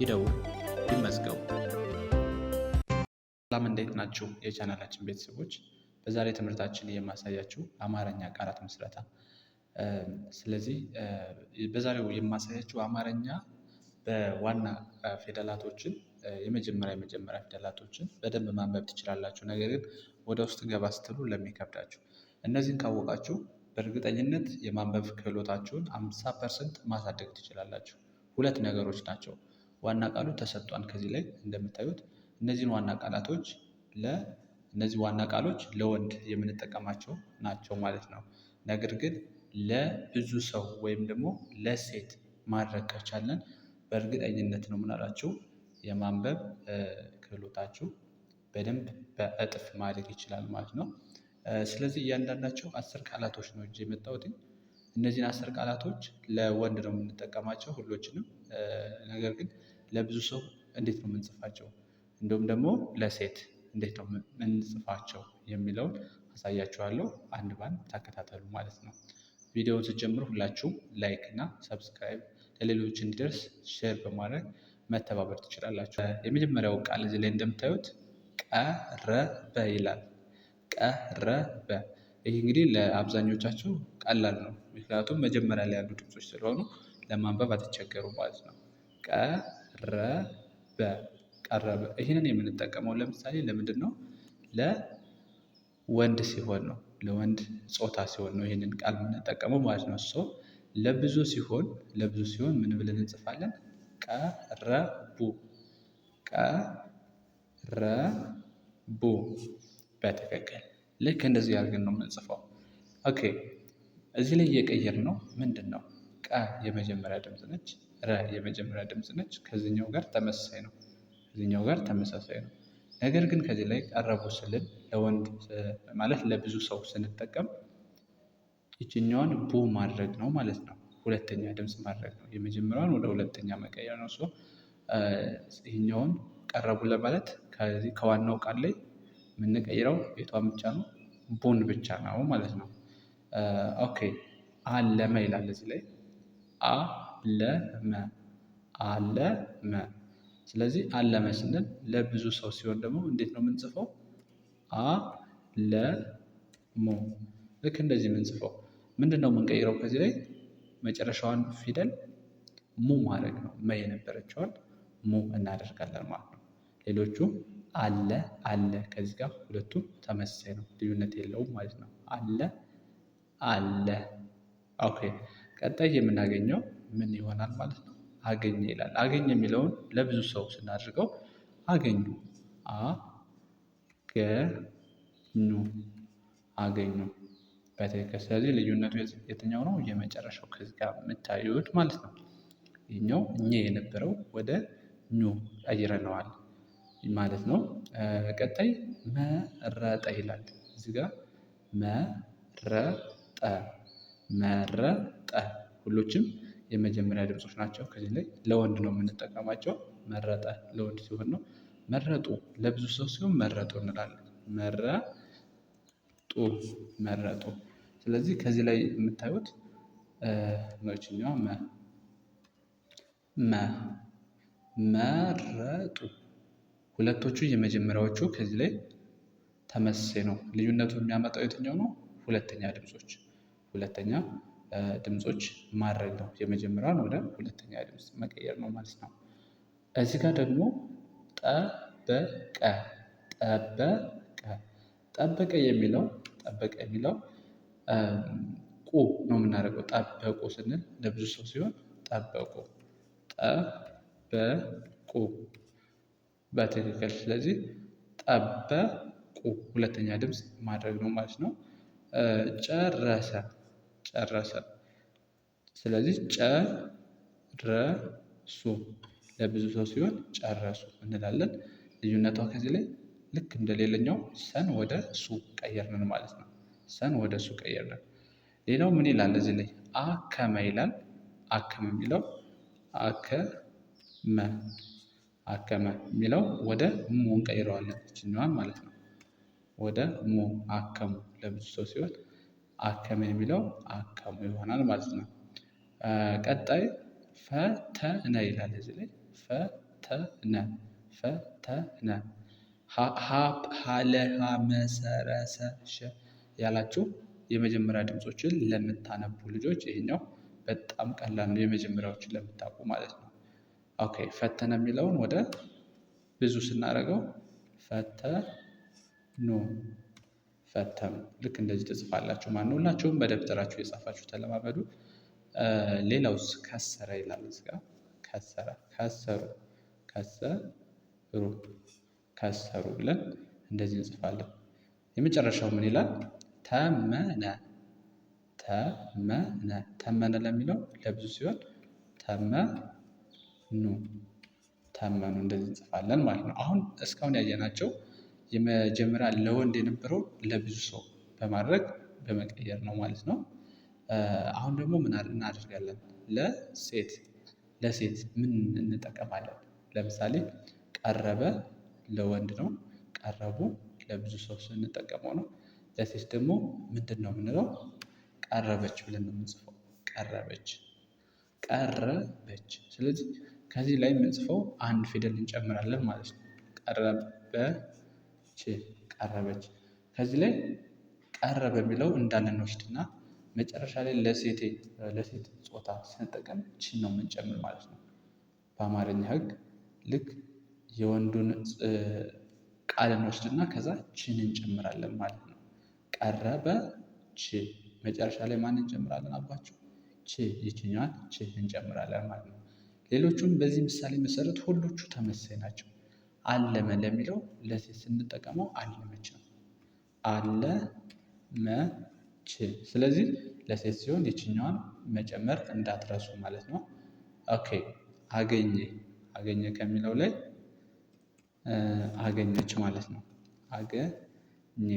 ይደውሉ፣ ይመዝገቡ። ሰላም፣ እንዴት ናችሁ የቻናላችን ቤተሰቦች? በዛሬ ትምህርታችን የማሳያችሁ አማርኛ ቃላት ምስረታ። ስለዚህ በዛሬው የማሳያችሁ አማርኛ በዋና ፊደላቶችን የመጀመሪያ የመጀመሪያ ፊደላቶችን በደንብ ማንበብ ትችላላችሁ። ነገር ግን ወደ ውስጥ ገባ ስትሉ ለሚከብዳችሁ እነዚህን ካወቃችሁ በእርግጠኝነት የማንበብ ክህሎታችሁን አምሳ ፐርሰንት ማሳደግ ትችላላችሁ። ሁለት ነገሮች ናቸው ዋና ቃሉ ተሰጥቷል። ከዚህ ላይ እንደምታዩት እነዚህን ዋና ቃላቶች ለ እነዚህ ዋና ቃሎች ለወንድ የምንጠቀማቸው ናቸው ማለት ነው። ነገር ግን ለብዙ ሰው ወይም ደግሞ ለሴት ማድረግ ከቻለን በእርግጠኝነት ነው ምናላችሁ የማንበብ ክህሎታችሁ በደንብ በእጥፍ ማደግ ይችላል ማለት ነው። ስለዚህ እያንዳንዳቸው አስር ቃላቶች ነው እ የመጣሁት እነዚህን አስር ቃላቶች ለወንድ ነው የምንጠቀማቸው ሁሎችንም ነገር ግን ለብዙ ሰው እንዴት ነው የምንጽፋቸው እንዲሁም ደግሞ ለሴት እንዴት ነው የምንጽፋቸው የሚለውን አሳያችኋለሁ አንድ ባንድ ተከታተሉ ማለት ነው። ቪዲዮውን ስትጀምሩ ሁላችሁም ላይክ እና ሰብስክራይብ ለሌሎች እንዲደርስ ሼር በማድረግ መተባበር ትችላላችሁ። የመጀመሪያው ቃል እዚህ ላይ እንደምታዩት ቀረበ ይላል። ቀረበ ይህ እንግዲህ ለአብዛኞቻችሁ ቀላል ነው። ምክንያቱም መጀመሪያ ላይ ያሉ ድምጾች ስለሆኑ ለማንበብ አትቸገሩ ማለት ነው። ቀረበ ቀረበ። ይህንን የምንጠቀመው ለምሳሌ ለምንድን ነው? ለወንድ ሲሆን ነው ለወንድ ጾታ ሲሆን ነው ይህንን ቃል የምንጠቀመው ማለት ነው። እሱ ለብዙ ሲሆን ለብዙ ሲሆን ምን ብለን እንጽፋለን? ቀረቡ ቀረቡ በትክክል ልክ እንደዚህ አድርገን ነው የምንጽፈው። ኦኬ እዚህ ላይ እየቀየር ነው ምንድን ነው ቀ የመጀመሪያ ድምፅ ነች፣ ረ የመጀመሪያ ድምፅ ነች። ከዚህኛው ጋር ተመሳሳይ ነው፣ ከዚህኛው ጋር ተመሳሳይ ነው። ነገር ግን ከዚህ ላይ ቀረቡ ስልን ለወንድ ማለት ለብዙ ሰው ስንጠቀም ይችኛዋን ቡ ማድረግ ነው ማለት ነው። ሁለተኛ ድምፅ ማድረግ ነው። የመጀመሪያውን ወደ ሁለተኛ መቀየር ነው። ይህኛውን ቀረቡ ለማለት ከዋናው ቃል ላይ የምንቀይረው ቤቷን ብቻ ነው ቡን ብቻ ነው ማለት ነው። ኦኬ አለመ ይላል እዚህ ላይ አለመ አለመ። ስለዚህ አለመ ስንል ለብዙ ሰው ሲሆን ደግሞ እንዴት ነው የምንጽፈው? አ ለ ሞ ልክ እንደዚህ የምንጽፈው ምንድን ነው የምንቀይረው? ከዚህ ላይ መጨረሻዋን ፊደል ሙ ማድረግ ነው። መ የነበረችዋን ሙ እናደርጋለን ማለት ነው። ሌሎቹ አለ አለ ከዚህ ጋር ሁለቱም ተመሳሳይ ነው፣ ልዩነት የለውም ማለት ነው። አለ አለ። ኦኬ ቀጣይ የምናገኘው ምን ይሆናል ማለት ነው? አገኘ ይላል። አገኘ የሚለውን ለብዙ ሰው ስናድርገው አገኙ፣ አገኙ፣ አገኙ በትክክል። ስለዚህ ልዩነቱ የትኛው ነው? የመጨረሻው ከዚህ ጋር የምታዩት ማለት ነው። ይህኛው እኛ የነበረው ወደ ኙ ቀይረነዋል። ማለት ነው። ቀጣይ መረጠ ይላል እዚህ ጋር መረጠ መረጠ ሁሎችም የመጀመሪያ ድምጾች ናቸው። ከዚህ ላይ ለወንድ ነው የምንጠቀማቸው መረጠ ለወንድ ሲሆን ነው። መረጡ ለብዙ ሰው ሲሆን መረጡ እንላለን። መረጡ መረጡ። ስለዚህ ከዚህ ላይ የምታዩት መችኛዋ መ መ መረጡ ሁለቶቹ የመጀመሪያዎቹ ከዚህ ላይ ተመሳሳይ ነው። ልዩነቱ የሚያመጣው የትኛው ነው? ሁለተኛ ድምፆች ሁለተኛ ድምፆች ማድረግ ነው። የመጀመሪያውን ወደ ሁለተኛ ድምፅ መቀየር ነው ማለት ነው። እዚህ ጋር ደግሞ ጠበቀ ጠበቀ ጠበቀ የሚለው ጠበቀ የሚለው ቁ ነው የምናደርገው። ጠበቁ ስንል ለብዙ ሰው ሲሆን ጠበቁ ጠበቁ በትክክል ስለዚህ ጠበቁ ሁለተኛ ድምፅ ማድረግ ነው ማለት ነው። ጨረሰ ጨረሰ። ስለዚህ ጨረሱ ለብዙ ሰው ሲሆን ጨረሱ እንላለን። ልዩነቷ ከዚህ ላይ ልክ እንደሌለኛው ሰን ወደ ሱ ቀየርንን ማለት ነው። ሰን ወደ ሱ ቀየርን። ሌላው ምን ይላል እዚህ ላይ አከመ ይላል። አከመ የሚለው አከመ አከመ የሚለው ወደ ሙ እንቀይረዋለን ይችኛዋን ማለት ነው። ወደ ሙ አከሙ ለብዙ ሰው ሲሆን አከመ የሚለው አከሙ ይሆናል ማለት ነው። ቀጣይ ፈተነ ይላል እዚህ ላይ ፈተነ ፈተነ ሀለ መሰረሰ ሸ ያላችሁ የመጀመሪያ ድምፆችን ለምታነቡ ልጆች ይህኛው በጣም ቀላል ነው። የመጀመሪያዎችን ለምታውቁ ማለት ነው። ኦኬ ፈተነ የሚለውን ወደ ብዙ ስናደርገው ፈተኑ ፈተኑ። ልክ እንደዚህ ትጽፋላችሁ። ማን ሁላችሁም በደብተራችሁ የጻፋችሁ ተለማመዱ። ሌላውስ ከሰረ ይላል እዚህ ጋር ከሰረ ከሰሩ ከሰሩ ከሰሩ ብለን እንደዚህ እንጽፋለን። የመጨረሻው ምን ይላል? ተመነ ተመነ ተመነ ለሚለው ለብዙ ሲሆን ተመ ኑ ታመኑ እንደዚህ እንጽፋለን ማለት ነው። አሁን እስካሁን ያየናቸው የመጀመሪያ ለወንድ የነበረው ለብዙ ሰው በማድረግ በመቀየር ነው ማለት ነው። አሁን ደግሞ ምን እናደርጋለን? ለሴት ለሴት ምን እንጠቀማለን? ለምሳሌ ቀረበ ለወንድ ነው፣ ቀረቡ ለብዙ ሰው ስንጠቀመው ነው። ለሴት ደግሞ ምንድን ነው የምንለው? ቀረበች ብለን ነው የምንጽፈው። ቀረበች፣ ቀረበች። ስለዚህ ከዚህ ላይ የምንጽፈው አንድ ፊደል እንጨምራለን ማለት ነው። ቀረበች ቀረበች። ከዚህ ላይ ቀረ በሚለው እንዳለ እንወስድና መጨረሻ ላይ ለሴቴ ለሴት ጾታ ስንጠቀም ችን ነው የምንጨምር ማለት ነው። በአማርኛ ሕግ ልክ የወንዱን ቃል እንወስድና ከዛ ችን እንጨምራለን ማለት ነው። ቀረበ ች መጨረሻ ላይ ማን እንጨምራለን አባቸው ች ይችኛዋን ች እንጨምራለን ማለት ነው። ሌሎቹም በዚህ ምሳሌ መሰረት ሁሎቹ ተመሳሳይ ናቸው። አለመ ለሚለው ለሴት ስንጠቀመው አለመች ነው። አለመች ስለዚህ ለሴት ሲሆን ይችኛዋን መጨመር እንዳትረሱ ማለት ነው። ኦኬ አገኘ አገኘ ከሚለው ላይ አገኘች ማለት ነው። አገኘ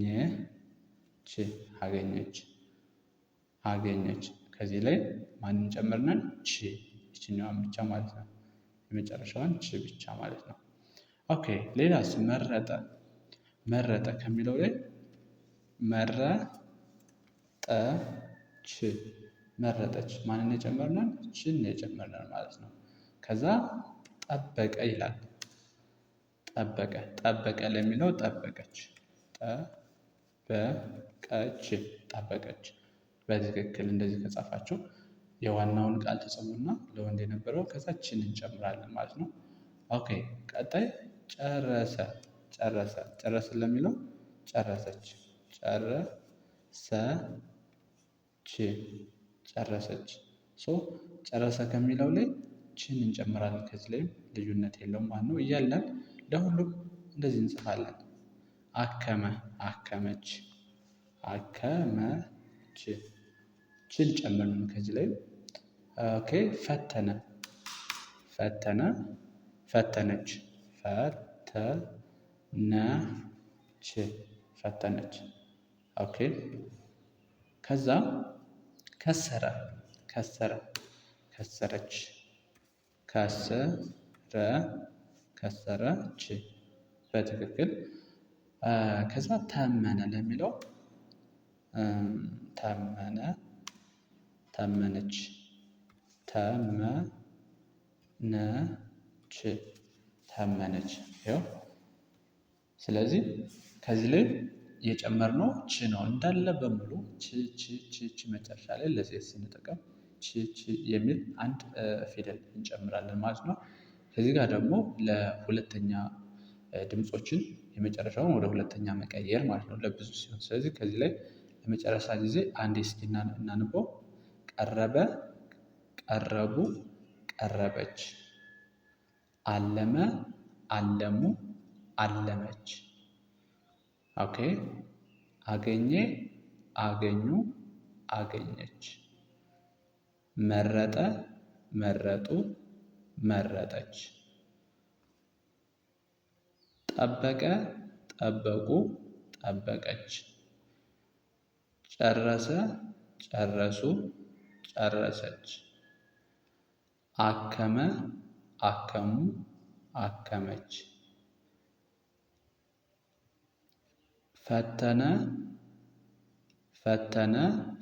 ኘ ች አገኘች አገኘች ከዚህ ላይ ማንን ጨምርናል? ቺ ይችኛዋን ብቻ ማለት ነው። የመጨረሻዋን ቺ ብቻ ማለት ነው። ኦኬ ሌላስ? መረጠ መረጠ ከሚለው ላይ መረጠች መረጠች ማንን የጨመርናል? ችን የጨመርናል ማለት ነው። ከዛ ጠበቀ ይላል። ጠበቀ ጠበቀ ለሚለው ጠበቀች ጠበቀች ጠበቀች በትክክል እንደዚህ ከጻፋችሁ የዋናውን ቃል እና ለወንድ የነበረው ከታችን እንጨምራለን ማለት ነው። ኦኬ ቀጣይ ጨረሰ ጨረሰ ጨረሰ ለሚለው ጨረሰች ጨረሰች ጨረሰች ሶ ጨረሰ ከሚለው ላይ ችን እንጨምራለን። ከዚህ ላይም ልዩነት የለውም ማለት ነው። እያለን ለሁሉም እንደዚህ እንጽፋለን። አከመ አከመች አከመች ችን ጨምር ከዚህ ላይ ኦኬ። ፈተነ ፈተነ ፈተነች ፈተነች ፈተነች። ኦኬ። ከዛ ከሰረ ከሰረ ከሰረች ከሰረ ከሰረች በትክክል ከዛ ታመነ ለሚለው ታመነ ታመነች ተመነች ታመነች ይኸው። ስለዚህ ከዚህ ላይ የጨመርነው ች ነው እንዳለ በሙሉ ች ች ች ች መጨረሻ ላይ ለሴት ስንጠቀም ች ች የሚል አንድ ፊደል እንጨምራለን ማለት ነው። ከዚህ ጋር ደግሞ ለሁለተኛ ድምፆችን የመጨረሻውን ወደ ሁለተኛ መቀየር ማለት ነው ለብዙ ሲሆን፣ ስለዚህ ከዚህ ላይ ለመጨረሻ ጊዜ አንዴ እስኪ እናንበው። ቀረበ፣ ቀረቡ፣ ቀረበች። አለመ፣ አለሙ፣ አለመች። ኦኬ። አገኘ፣ አገኙ፣ አገኘች። መረጠ፣ መረጡ፣ መረጠች። ጠበቀ፣ ጠበቁ፣ ጠበቀች። ጨረሰ፣ ጨረሱ ጨረሰች። አከመ አከሙ አከመች። ፈተነ ፈተነ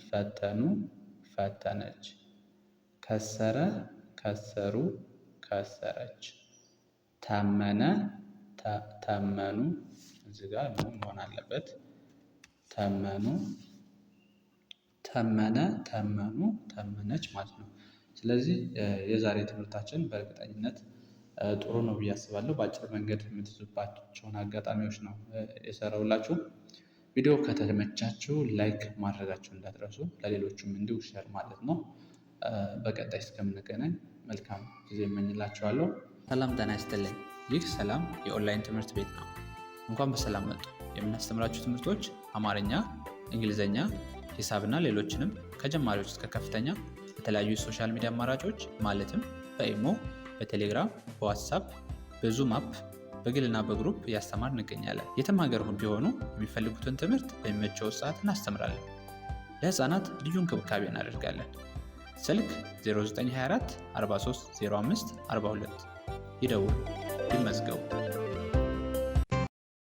ፈተኑ ፈተነች። ከሰረ ከሰሩ ከሰረች። ታመነ ተመኑ እዚህ ጋር መሆን አለበት። ተመኑ ተመነ ተመኑ ተመነች ማለት ነው። ስለዚህ የዛሬ ትምህርታችን በእርግጠኝነት ጥሩ ነው ብዬ አስባለሁ በአጭር መንገድ የምትይዙባቸውን አጋጣሚዎች ነው የሰራሁላችሁ። ቪዲዮ ከተመቻችሁ ላይክ ማድረጋችሁ እንዳትረሱ ለሌሎችም እንዲሁ ሼር ማለት ነው። በቀጣይ እስከምንገናኝ መልካም ጊዜ እመኝላችኋለሁ። ሰላም ጤና ይስጥልኝ። ይህ ሰላም የኦንላይን ትምህርት ቤት ነው። እንኳን በሰላም መጡ። የምናስተምራችሁ ትምህርቶች አማርኛ፣ እንግሊዝኛ ሂሳብና ሌሎችንም ከጀማሪዎች እስከ ከፍተኛ የተለያዩ የሶሻል ሚዲያ አማራጮች ማለትም በኢሞ፣ በቴሌግራም፣ በዋትሳፕ፣ በዙም አፕ በግልና በግሩፕ እያስተማር እንገኛለን። የትም ሀገር ቢሆኑ የሚፈልጉትን ትምህርት በሚመቸው ሰዓት እናስተምራለን። ለህፃናት ልዩ እንክብካቤ እናደርጋለን። ስልክ 0924 4305 42 ይመዝገቡ።